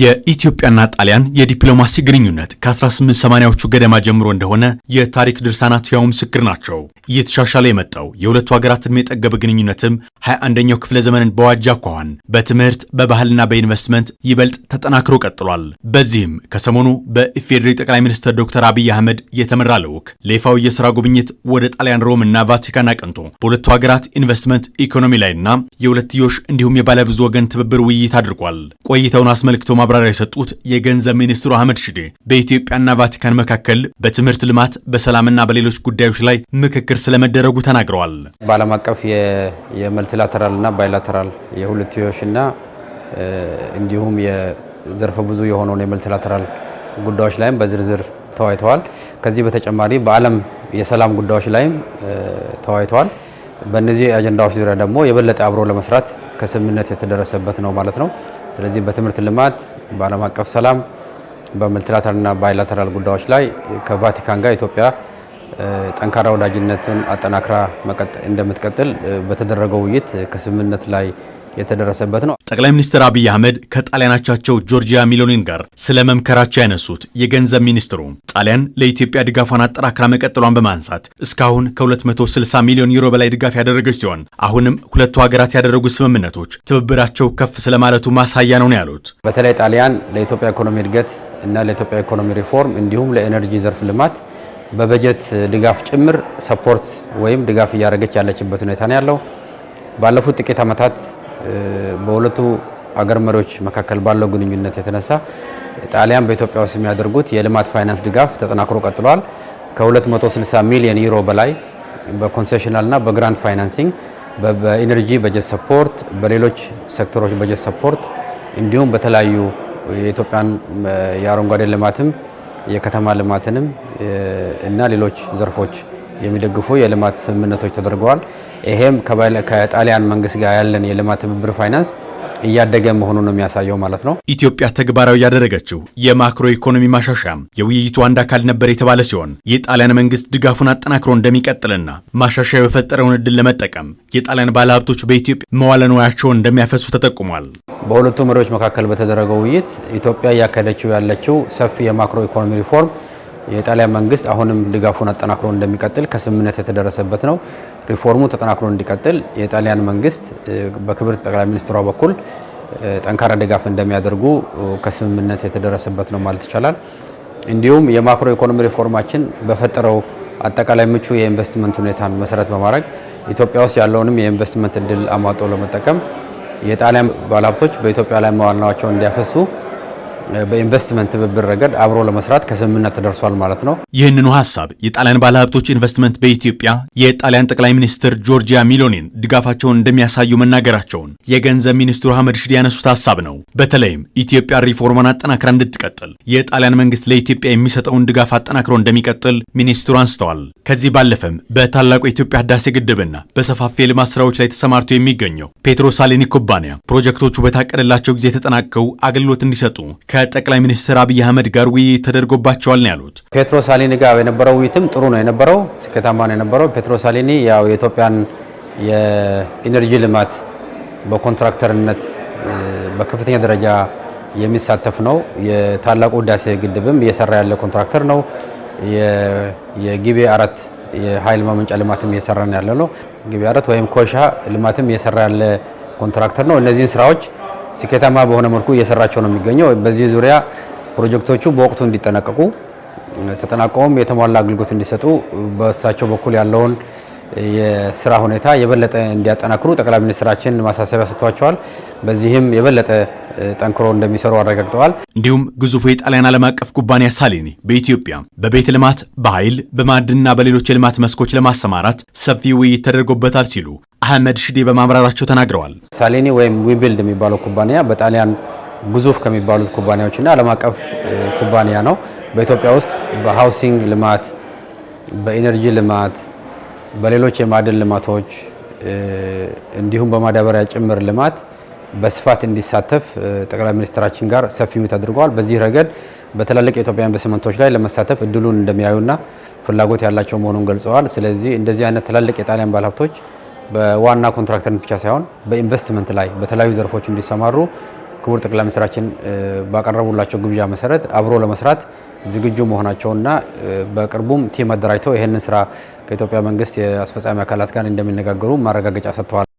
የኢትዮጵያና ጣሊያን የዲፕሎማሲ ግንኙነት ከ1880ዎቹ ገደማ ጀምሮ እንደሆነ የታሪክ ድርሳናት ሕያው ምስክር ናቸው። እየተሻሻለ የመጣው የሁለቱ ሀገራት ዕድሜ የጠገበ ግንኙነትም 21ኛው ክፍለ ዘመንን በዋጅ አኳኋን በትምህርት በባህልና በኢንቨስትመንት ይበልጥ ተጠናክሮ ቀጥሏል። በዚህም ከሰሞኑ በኢፌዴሪ ጠቅላይ ሚኒስትር ዶክተር አብይ አህመድ የተመራ ልዑክ ለይፋዊ የሥራ ጉብኝት ወደ ጣሊያን ሮም ቫቲካን አቅንቶ በሁለቱ ሀገራት ኢንቨስትመንት ኢኮኖሚ ላይና የሁለትዮሽ እንዲሁም የባለብዙ ወገን ትብብር ውይይት አድርጓል። ቆይታውን አስመልክቶ ማብራሪያ የሰጡት የገንዘብ ሚኒስትሩ አህመድ ሽዴ በኢትዮጵያና ቫቲካን መካከል በትምህርት ልማት፣ በሰላምና በሌሎች ጉዳዮች ላይ ምክክር ስለመደረጉ ተናግረዋል። በዓለም አቀፍ የመልቲላተራልና ባይላተራል የሁለትዮሽና እንዲሁም የዘርፈ ብዙ የሆነውን የመልቲላተራል ጉዳዮች ላይም በዝርዝር ተወያይተዋል። ከዚህ በተጨማሪ በዓለም የሰላም ጉዳዮች ላይም ተወያይተዋል። በእነዚህ አጀንዳዎች ዙሪያ ደግሞ የበለጠ አብሮ ለመስራት ከስምምነት የተደረሰበት ነው ማለት ነው። ስለዚህ በትምህርት ልማት፣ በዓለም አቀፍ ሰላም፣ በሙልቲላተራልና ባይላተራል ጉዳዮች ላይ ከቫቲካን ጋር ኢትዮጵያ ጠንካራ ወዳጅነትን አጠናክራ እንደምትቀጥል በተደረገው ውይይት ከስምምነት ላይ የተደረሰበት ነው። ጠቅላይ ሚኒስትር አብይ አህመድ ከጣሊያናቻቸው ጆርጂያ ሚሎኒን ጋር ስለ መምከራቸው ያነሱት የገንዘብ ሚኒስትሩ ጣሊያን ለኢትዮጵያ ድጋፏን አጠራክራ መቀጠሏን በማንሳት እስካሁን ከ260 ሚሊዮን ዩሮ በላይ ድጋፍ ያደረገች ሲሆን አሁንም ሁለቱ ሀገራት ያደረጉት ስምምነቶች ትብብራቸው ከፍ ስለማለቱ ማሳያ ነው ነው ያሉት። በተለይ ጣሊያን ለኢትዮጵያ ኢኮኖሚ እድገት እና ለኢትዮጵያ ኢኮኖሚ ሪፎርም እንዲሁም ለኤነርጂ ዘርፍ ልማት በበጀት ድጋፍ ጭምር ሰፖርት ወይም ድጋፍ እያደረገች ያለችበት ሁኔታ ነው ያለው ባለፉት ጥቂት ዓመታት በሁለቱ አገር መሪዎች መካከል ባለው ግንኙነት የተነሳ ጣሊያን በኢትዮጵያ ውስጥ የሚያደርጉት የልማት ፋይናንስ ድጋፍ ተጠናክሮ ቀጥሏል። ከ260 ሚሊዮን ዩሮ በላይ በኮንሴሽናልና በግራንት ፋይናንሲንግ በኢነርጂ በጀት ሰፖርት፣ በሌሎች ሴክተሮች በጀት ሰፖርት እንዲሁም በተለያዩ የኢትዮጵያን የአረንጓዴ ልማትም የከተማ ልማትንም እና ሌሎች ዘርፎች የሚደግፉ የልማት ስምምነቶች ተደርገዋል። ይሄም ከጣሊያን መንግስት ጋር ያለን የልማት ትብብር ፋይናንስ እያደገ መሆኑን ነው የሚያሳየው ማለት ነው። ኢትዮጵያ ተግባራዊ ያደረገችው የማክሮ ኢኮኖሚ ማሻሻያም የውይይቱ አንድ አካል ነበር የተባለ ሲሆን የጣሊያን መንግስት ድጋፉን አጠናክሮ እንደሚቀጥልና ማሻሻያው የፈጠረውን እድል ለመጠቀም የጣሊያን ባለሀብቶች በኢትዮጵያ መዋለ ንዋያቸውን እንደሚያፈሱ ተጠቁሟል። በሁለቱ መሪዎች መካከል በተደረገው ውይይት ኢትዮጵያ እያካሄደችው ያለችው ሰፊ የማክሮ ኢኮኖሚ ሪፎርም የጣሊያን መንግስት አሁንም ድጋፉን አጠናክሮ እንደሚቀጥል ከስምምነት የተደረሰበት ነው። ሪፎርሙ ተጠናክሮ እንዲቀጥል የጣሊያን መንግስት በክብርት ጠቅላይ ሚኒስትሯ በኩል ጠንካራ ድጋፍ እንደሚያደርጉ ከስምምነት የተደረሰበት ነው ማለት ይቻላል። እንዲሁም የማክሮ ኢኮኖሚ ሪፎርማችን በፈጠረው አጠቃላይ ምቹ የኢንቨስትመንት ሁኔታን መሰረት በማድረግ ኢትዮጵያ ውስጥ ያለውንም የኢንቨስትመንት እድል አሟጦ ለመጠቀም የጣሊያን ባለሀብቶች በኢትዮጵያ ላይ መዋዕለ እንዲያፈሱ በኢንቨስትመንት ትብብር ረገድ አብሮ ለመስራት ከስምምነት ተደርሷል ማለት ነው። ይህንኑ ሀሳብ የጣሊያን ባለሀብቶች ኢንቨስትመንት በኢትዮጵያ የጣሊያን ጠቅላይ ሚኒስትር ጆርጂያ ሚሎኒን ድጋፋቸውን እንደሚያሳዩ መናገራቸውን የገንዘብ ሚኒስትሩ አህመድ ሽድ ያነሱት ሀሳብ ነው። በተለይም ኢትዮጵያ ሪፎርሟን አጠናክራ እንድትቀጥል የጣሊያን መንግስት ለኢትዮጵያ የሚሰጠውን ድጋፍ አጠናክሮ እንደሚቀጥል ሚኒስትሩ አንስተዋል። ከዚህ ባለፈም በታላቁ የኢትዮጵያ ህዳሴ ግድብና በሰፋፊ የልማት ስራዎች ላይ ተሰማርቶ የሚገኘው ፔትሮ ሳሊኒ ኩባንያ ፕሮጀክቶቹ በታቀደላቸው ጊዜ ተጠናቀው አገልግሎት እንዲሰጡ ከጠቅላይ ሚኒስትር አብይ አህመድ ጋር ውይይት ተደርጎባቸዋል ነው ያሉት። ፔትሮ ሳሊኒ ጋር የነበረው ውይይትም ጥሩ ነው የነበረው፣ ስኬታማ ነው የነበረው። ፔትሮ ሳሊኒ ያው የኢትዮጵያን የኢነርጂ ልማት በኮንትራክተርነት በከፍተኛ ደረጃ የሚሳተፍ ነው። የታላቁ ህዳሴ ግድብም እየሰራ ያለ ኮንትራክተር ነው። የጊቤ አራት የኃይል ማመንጫ ልማትም እየሰራ ያለ ነው። ጊቤ አራት ወይም ኮሻ ልማትም እየሰራ ያለ ኮንትራክተር ነው። እነዚህን ስራዎች ስኬታማ በሆነ መልኩ እየሰራቸው ነው የሚገኘው። በዚህ ዙሪያ ፕሮጀክቶቹ በወቅቱ እንዲጠናቀቁ ተጠናቀውም የተሟላ አገልግሎት እንዲሰጡ በእሳቸው በኩል ያለውን የስራ ሁኔታ የበለጠ እንዲያጠናክሩ ጠቅላይ ሚኒስትራችን ማሳሰቢያ ሰጥቷቸዋል። በዚህም የበለጠ ጠንክሮ እንደሚሰሩ አረጋግጠዋል። እንዲሁም ግዙፉ የጣሊያን ዓለም አቀፍ ኩባንያ ሳሊኒ በኢትዮጵያ በቤት ልማት፣ በኃይል፣ በማዕድንና በሌሎች የልማት መስኮች ለማሰማራት ሰፊ ውይይት ተደርጎበታል ሲሉ አህመድ ሽዴ በማብራራቸው ተናግረዋል። ሳሌኒ ወይም ዊቢልድ የሚባለው ኩባንያ በጣሊያን ግዙፍ ከሚባሉት ኩባንያዎችና ዓለም አቀፍ ኩባንያ ነው። በኢትዮጵያ ውስጥ በሃውሲንግ ልማት፣ በኢነርጂ ልማት፣ በሌሎች የማዕድን ልማቶች እንዲሁም በማዳበሪያ ጭምር ልማት በስፋት እንዲሳተፍ ጠቅላይ ሚኒስትራችን ጋር ሰፊ ውይይት አድርገዋል። በዚህ ረገድ በትላልቅ የኢትዮጵያ ኢንቨስትመንቶች ላይ ለመሳተፍ እድሉን እንደሚያዩና ፍላጎት ያላቸው መሆኑን ገልጸዋል። ስለዚህ እንደዚህ አይነት ትላልቅ የጣሊያን ባለሀብቶች በዋና ኮንትራክተርን ብቻ ሳይሆን በኢንቨስትመንት ላይ በተለያዩ ዘርፎች እንዲሰማሩ ክቡር ጠቅላይ ሚኒስትራችን ባቀረቡላቸው ግብዣ መሰረት አብሮ ለመስራት ዝግጁ መሆናቸውና በቅርቡም ቲም አደራጅተው ይህንን ስራ ከኢትዮጵያ መንግስት የአስፈጻሚ አካላት ጋር እንደሚነጋገሩ ማረጋገጫ ሰጥተዋል።